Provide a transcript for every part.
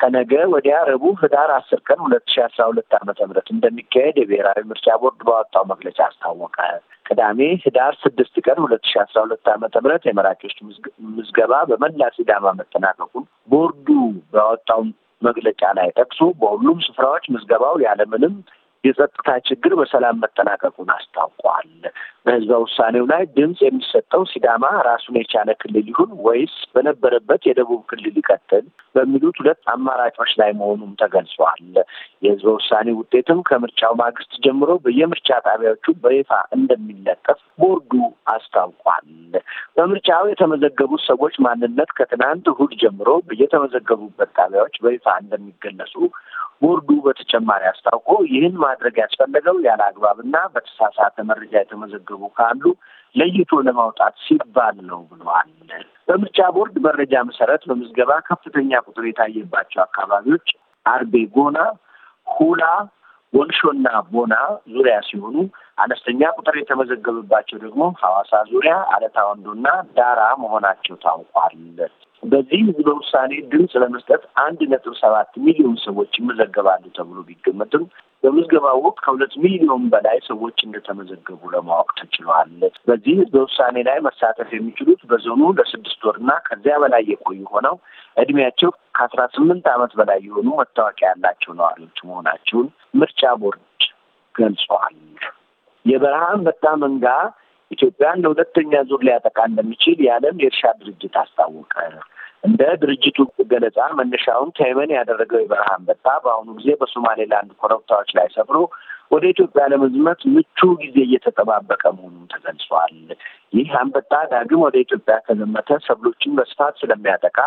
ከነገ ወዲያ ረቡዕ ህዳር አስር ቀን ሁለት ሺ አስራ ሁለት ዓመተ ምህረት እንደሚካሄድ የብሔራዊ ምርጫ ቦርድ ባወጣው መግለጫ አስታወቀ። ቅዳሜ ህዳር ስድስት ቀን ሁለት ሺ አስራ ሁለት ዓመተ ምህረት የመራጮች ምዝገባ በመላ ሲዳማ መጠናቀቁን ቦርዱ ባወጣው መግለጫ ላይ ጠቅሶ በሁሉም ስፍራዎች ምዝገባው ያለምንም የጸጥታ ችግር በሰላም መጠናቀቁን አስታውቋል። በህዝበ ውሳኔው ላይ ድምፅ የሚሰጠው ሲዳማ ራሱን የቻለ ክልል ይሁን ወይስ በነበረበት የደቡብ ክልል ይቀጥል በሚሉት ሁለት አማራጮች ላይ መሆኑም ተገልጿል። የህዝበ ውሳኔ ውጤትም ከምርጫው ማግስት ጀምሮ በየምርጫ ጣቢያዎቹ በይፋ እንደሚለጠፍ ቦርዱ አስታውቋል። በምርጫው የተመዘገቡት ሰዎች ማንነት ከትናንት እሁድ ጀምሮ በየተመዘገቡበት ጣቢያዎች በይፋ እንደሚገለጹ ቦርዱ በተጨማሪ አስታውቆ ይህን ማድረግ ያስፈለገው ያለ አግባብና በተሳሳተ መረጃ የተመዘገቡ ካሉ ለይቶ ለማውጣት ሲባል ነው ብለዋል። በምርጫ ቦርድ መረጃ መሰረት በምዝገባ ከፍተኛ ቁጥር የታየባቸው አካባቢዎች አርቤ ጎና፣ ሁላ፣ ወልሾና ቦና ዙሪያ ሲሆኑ አነስተኛ ቁጥር የተመዘገበባቸው ደግሞ ሐዋሳ ዙሪያ፣ አለታ ወንዶና ዳራ መሆናቸው ታውቋል። በዚህ ህዝበ ውሳኔ ድምፅ ለመስጠት አንድ ነጥብ ሰባት ሚሊዮን ሰዎች ይመዘገባሉ ተብሎ ቢገመትም በምዝገባ ወቅት ከሁለት ሚሊዮን በላይ ሰዎች እንደተመዘገቡ ለማወቅ ተችሏል። በዚህ ህዝበ ውሳኔ ላይ መሳተፍ የሚችሉት በዞኑ ለስድስት ወርና ከዚያ በላይ የቆዩ ሆነው እድሜያቸው ከአስራ ስምንት ዓመት በላይ የሆኑ መታወቂያ ያላቸው ነዋሪዎች መሆናቸውን ምርጫ ቦርድ ገልጸዋል። የበረሃ አንበጣ መንጋ ኢትዮጵያን ለሁለተኛ ዙር ሊያጠቃ እንደሚችል የዓለም የእርሻ ድርጅት አስታወቀ። እንደ ድርጅቱ ገለጻ መነሻውን ከየመን ያደረገው የበረሃ አንበጣ በአሁኑ ጊዜ በሶማሌላንድ ኮረብታዎች ላይ ሰፍሮ ወደ ኢትዮጵያ ለመዝመት ምቹ ጊዜ እየተጠባበቀ መሆኑን ተገልጿል። ይህ አንበጣ ዳግም ወደ ኢትዮጵያ ከዘመተ ሰብሎችን በስፋት ስለሚያጠቃ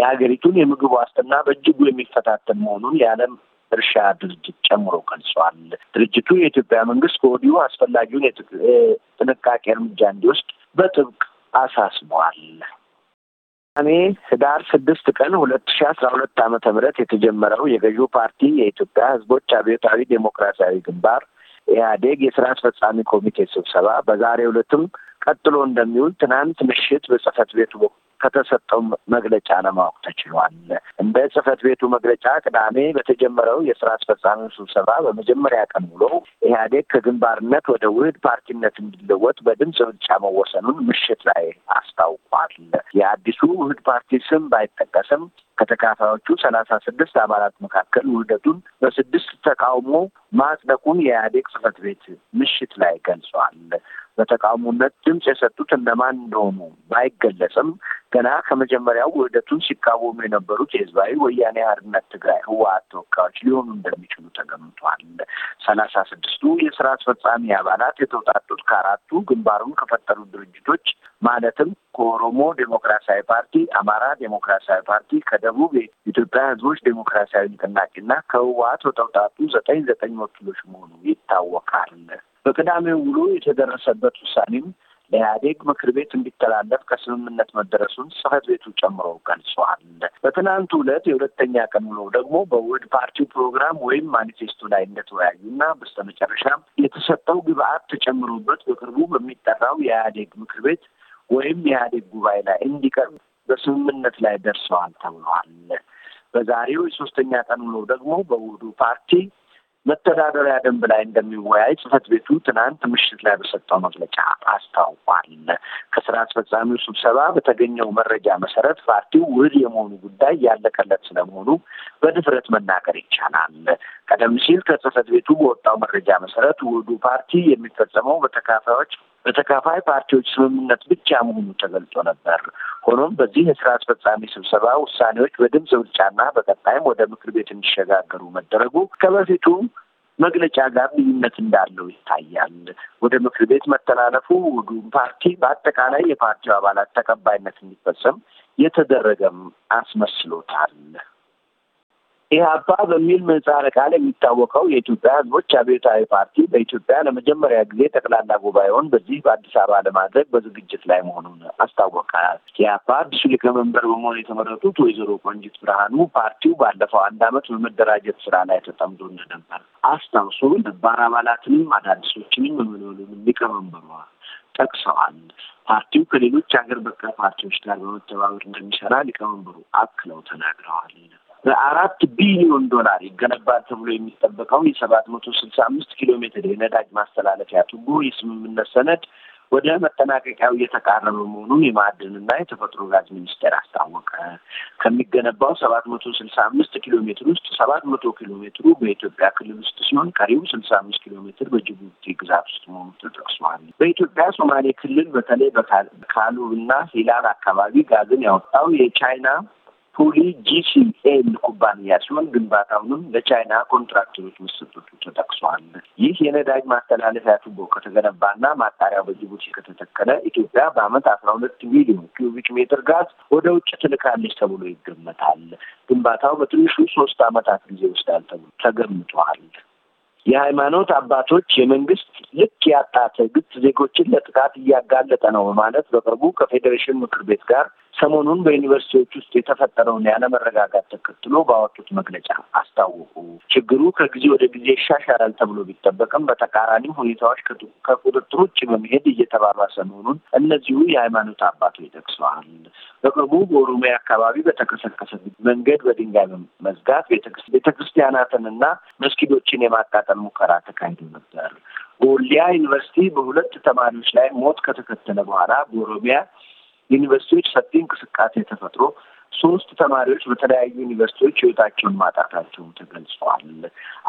የሀገሪቱን የምግብ ዋስትና በእጅጉ የሚፈታተን መሆኑን የዓለም እርሻ ድርጅት ጨምሮ ገልጿል። ድርጅቱ የኢትዮጵያ መንግስት ከወዲሁ አስፈላጊውን የጥንቃቄ እርምጃ እንዲወስድ በጥብቅ አሳስበዋል። ቅዳሜ ህዳር ስድስት ቀን ሁለት ሺ አስራ ሁለት ዓመተ ምህረት የተጀመረው የገዢው ፓርቲ የኢትዮጵያ ህዝቦች አብዮታዊ ዴሞክራሲያዊ ግንባር ኢህአዴግ የስራ አስፈጻሚ ኮሚቴ ስብሰባ በዛሬው ዕለትም ቀጥሎ እንደሚውል ትናንት ምሽት በጽህፈት ቤቱ ከተሰጠው መግለጫ ለማወቅ ተችሏል። እንደ ጽህፈት ቤቱ መግለጫ ቅዳሜ በተጀመረው የስራ አስፈጻሚ ስብሰባ በመጀመሪያ ቀን ውሎ ኢህአዴግ ከግንባርነት ወደ ውህድ ፓርቲነት እንዲለወጥ በድምፅ ብልጫ መወሰኑን ምሽት ላይ አስታውቋል። የአዲሱ ውህድ ፓርቲ ስም ባይጠቀስም ከተካፋዮቹ ሰላሳ ስድስት አባላት መካከል ውህደቱን በስድስት ተቃውሞ ማጽደቁን የኢህአዴግ ጽህፈት ቤት ምሽት ላይ ገልጿል። በተቃውሞነት ድምፅ የሰጡት እነማን እንደሆኑ ባይገለጽም ገና ከመጀመሪያው ውህደቱን ሲቃወሙ የነበሩት የህዝባዊ ወያኔ ሓርነት ትግራይ ህወሀት ተወካዮች ሊሆኑ እንደሚችሉ ተገምቷል። ሰላሳ ስድስቱ የስራ አስፈጻሚ አባላት የተውጣጡት ከአራቱ ግንባሩን ከፈጠሩ ድርጅቶች ማለትም ከኦሮሞ ዴሞክራሲያዊ ፓርቲ፣ አማራ ዴሞክራሲያዊ ፓርቲ፣ ከደቡብ የኢትዮጵያ ህዝቦች ዴሞክራሲያዊ ንቅናቄና ከህወሀት በተውጣጡ ዘጠኝ ዘጠኝ ወኪሎች መሆኑ ይታወቃል። በቅዳሜ ውሎ የተደረሰበት ውሳኔም ለኢህአዴግ ምክር ቤት እንዲተላለፍ ከስምምነት መደረሱን ጽህፈት ቤቱ ጨምሮ ገልጿል። በትናንቱ ዕለት የሁለተኛ ቀን ውሎ ደግሞ በውህድ ፓርቲው ፕሮግራም ወይም ማኒፌስቶ ላይ እንደተወያዩና በስተመጨረሻ የተሰጠው ግብአት ተጨምሮበት በቅርቡ በሚጠራው የኢህአዴግ ምክር ቤት ወይም የኢህአዴግ ጉባኤ ላይ እንዲቀርብ በስምምነት ላይ ደርሰዋል ተብሏል። በዛሬው የሶስተኛ ቀን ውሎ ደግሞ በውህዱ ፓርቲ መተዳደሪያ ደንብ ላይ እንደሚወያይ ጽህፈት ቤቱ ትናንት ምሽት ላይ በሰጠው መግለጫ አስታውቋል። ከስራ አስፈጻሚው ስብሰባ በተገኘው መረጃ መሰረት ፓርቲው ውህድ የመሆኑ ጉዳይ ያለቀለት ስለመሆኑ በድፍረት መናገር ይቻላል። ቀደም ሲል ከጽህፈት ቤቱ በወጣው መረጃ መሰረት ውህዱ ፓርቲ የሚፈጸመው በተካፋዮች በተካፋይ ፓርቲዎች ስምምነት ብቻ መሆኑ ተገልጦ ነበር። ሆኖም በዚህ የስራ አስፈጻሚ ስብሰባ ውሳኔዎች በድምፅ ብልጫና በቀጣይም ወደ ምክር ቤት እንዲሸጋገሩ መደረጉ ከበፊቱ መግለጫ ጋር ልዩነት እንዳለው ይታያል። ወደ ምክር ቤት መተላለፉ ውዱም ፓርቲ በአጠቃላይ የፓርቲው አባላት ተቀባይነት እንዲፈጸም የተደረገም አስመስሎታል። ኢህአፓ በሚል ምህጻረ ቃል የሚታወቀው የኢትዮጵያ ህዝቦች አብዮታዊ ፓርቲ በኢትዮጵያ ለመጀመሪያ ጊዜ ጠቅላላ ጉባኤውን በዚህ በአዲስ አበባ ለማድረግ በዝግጅት ላይ መሆኑን አስታወቀ። ኢህአፓ አዲሱ ሊቀመንበር በመሆን የተመረጡት ወይዘሮ ቆንጂት ብርሃኑ ፓርቲው ባለፈው አንድ አመት በመደራጀት ስራ ላይ ተጠምዶ እንደነበር አስታውሶ ነባር አባላትንም አዳዲሶችንም በመለሉንም ሊቀመንበሯ ጠቅሰዋል። ፓርቲው ከሌሎች ሀገር በቀል ፓርቲዎች ጋር በመተባበር እንደሚሰራ ሊቀመንበሩ አክለው ተናግረዋል። በአራት ቢሊዮን ዶላር ይገነባል ተብሎ የሚጠበቀው የሰባት መቶ ስልሳ አምስት ኪሎ ሜትር የነዳጅ ማስተላለፊያ ቱቦ የስምምነት ሰነድ ወደ መጠናቀቂያው እየተቃረበ መሆኑን የማዕድንና የተፈጥሮ ጋዝ ሚኒስቴር አስታወቀ። ከሚገነባው ሰባት መቶ ስልሳ አምስት ኪሎ ሜትር ውስጥ ሰባት መቶ ኪሎ ሜትሩ በኢትዮጵያ ክልል ውስጥ ሲሆን ቀሪው ስልሳ አምስት ኪሎ ሜትር በጅቡቲ ግዛት ውስጥ መሆኑ ተጠቅሷል። በኢትዮጵያ ሶማሌ ክልል በተለይ በካሉብና ሂላል አካባቢ ጋዝን ያወጣው የቻይና ሁሊ ጂሲኤል ኩባንያ ሲሆን ግንባታውንም ለቻይና ኮንትራክተሮች መሰጠቱ ተጠቅሷል። ይህ የነዳጅ ማስተላለፊያ ቱቦ ከተገነባና ማጣሪያው በጅቡቲ ከተተከለ ኢትዮጵያ በዓመት አስራ ሁለት ሚሊዮን ኪዩቢክ ሜትር ጋዝ ወደ ውጭ ትልካለች ተብሎ ይገመታል። ግንባታው በትንሹ ሶስት ዓመታት ጊዜ ይወስዳል ተብሎ ተገምቷል። የሃይማኖት አባቶች የመንግስት ልክ ያጣ ትዕግስት ዜጎችን ለጥቃት እያጋለጠ ነው በማለት በቅርቡ ከፌዴሬሽን ምክር ቤት ጋር ሰሞኑን በዩኒቨርሲቲዎች ውስጥ የተፈጠረውን ያለመረጋጋት ተከትሎ ባወጡት መግለጫ አስታወቁ። ችግሩ ከጊዜ ወደ ጊዜ ይሻሻላል ተብሎ ቢጠበቅም በተቃራኒ ሁኔታዎች ከቁጥጥር ውጭ በመሄድ እየተባባሰ መሆኑን እነዚሁ የሃይማኖት አባቶች ጠቅሰዋል። በቅርቡ በኦሮሚያ አካባቢ በተቀሰቀሰ መንገድ በድንጋይ መዝጋት ቤተክርስቲያናትንና መስጊዶችን የማቃጠል ሙከራ ተካሂዶ ነበር። በወልዲያ ዩኒቨርሲቲ በሁለት ተማሪዎች ላይ ሞት ከተከተለ በኋላ በኦሮሚያ ዩኒቨርሲቲዎች ሰፊ እንቅስቃሴ ተፈጥሮ ሶስት ተማሪዎች በተለያዩ ዩኒቨርሲቲዎች ህይወታቸውን ማጣታቸው ተገልጸዋል።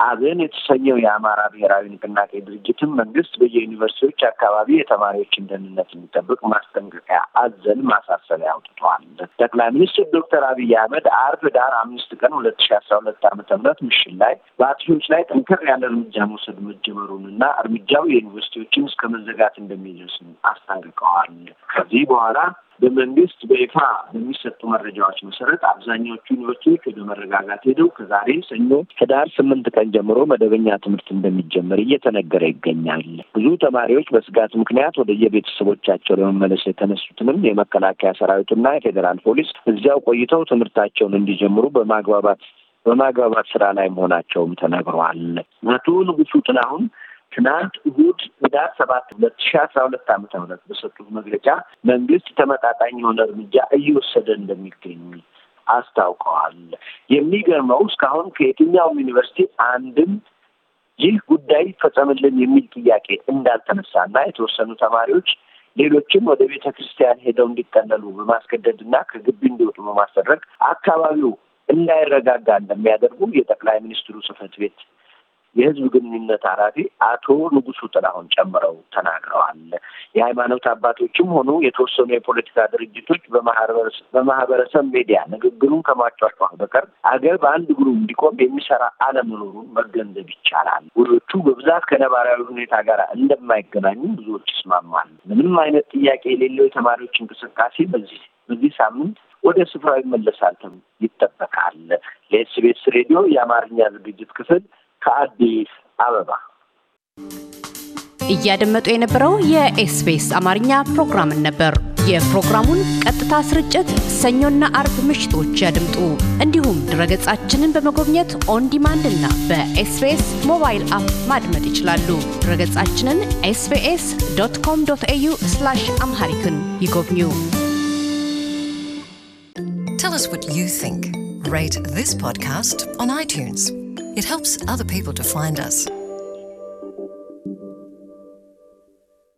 አብን የተሰኘው የአማራ ብሔራዊ ንቅናቄ ድርጅትም መንግስት በየዩኒቨርሲቲዎች አካባቢ የተማሪዎችን ደህንነት የሚጠብቅ ማስጠንቀቂያ አዘል ማሳሰቢያ አውጥተዋል። ጠቅላይ ሚኒስትር ዶክተር አብይ አህመድ አርብ ዳር አምስት ቀን ሁለት ሺ አስራ ሁለት ዓመተ ምህረት ምሽት ላይ በአጥፊዎች ላይ ጠንከር ያለ እርምጃ መውሰድ መጀመሩንና እርምጃው የዩኒቨርሲቲዎችን እስከ መዘጋት እንደሚደርስ አስጠንቅቀዋል። ከዚህ በኋላ በመንግስት በይፋ በሚሰጡ መረጃዎች መሰረት አብዛኛዎቹ ዩኒቨርሲቲዎች ወደ መረጋጋት ሄደው ከዛሬ ሰኞ ህዳር ስምንት ቀን ጀምሮ መደበኛ ትምህርት እንደሚጀመር እየተነገረ ይገኛል። ብዙ ተማሪዎች በስጋት ምክንያት ወደ የቤተሰቦቻቸው ለመመለስ የተነሱትንም የመከላከያ ሰራዊቱና የፌዴራል ፖሊስ እዚያው ቆይተው ትምህርታቸውን እንዲጀምሩ በማግባባት በማግባባት ስራ ላይ መሆናቸውም ተነግሯል። አቶ ንጉሱ ጥላሁን ትናንት እሁድ ህዳር ሰባት ሁለት ሺ አስራ ሁለት ዓመተ ምህረት በሰጡት መግለጫ መንግስት ተመጣጣኝ የሆነ እርምጃ እየወሰደ እንደሚገኝ አስታውቀዋል። የሚገርመው እስካሁን ከየትኛውም ዩኒቨርሲቲ አንድም ይህ ጉዳይ ፈጸምልን የሚል ጥያቄ እንዳልተነሳና የተወሰኑ ተማሪዎች ሌሎችም ወደ ቤተ ክርስቲያን ሄደው እንዲጠለሉ እና ከግቢ እንዲወጡ በማስደረግ አካባቢው እንዳይረጋጋ እንደሚያደርጉ የጠቅላይ ሚኒስትሩ ጽህፈት ቤት የህዝብ ግንኙነት ኃላፊ አቶ ንጉሱ ጥላሁን ጨምረው ተናግረዋል። የሃይማኖት አባቶችም ሆኑ የተወሰኑ የፖለቲካ ድርጅቶች በማህበረሰብ ሚዲያ ንግግሩን ከማጫጫህ በቀር አገር በአንድ እግሩ እንዲቆም የሚሰራ አለመኖሩን መገንዘብ ይቻላል። ውሎቹ በብዛት ከነባራዊ ሁኔታ ጋር እንደማይገናኙ ብዙዎች ይስማማል። ምንም አይነት ጥያቄ የሌለው የተማሪዎች እንቅስቃሴ በዚህ በዚህ ሳምንት ወደ ስፍራው ይመለሳል ይጠበቃል። ለኤስቤስ ሬዲዮ የአማርኛ ዝግጅት ክፍል ከአዲስ አበባ። እያደመጡ የነበረው የኤስቢኤስ አማርኛ ፕሮግራምን ነበር። የፕሮግራሙን ቀጥታ ስርጭት ሰኞና አርብ ምሽቶች ያድምጡ። እንዲሁም ድረገጻችንን በመጎብኘት ኦን ዲማንድ እና በኤስቢኤስ ሞባይል አፕ ማድመጥ ይችላሉ። ድረገጻችንን ኤስቢኤስ ዶት ኮም ዶት ኤዩ አምሃሪክን ይጎብኙ። Tell us what you think. Rate It helps other people to find us.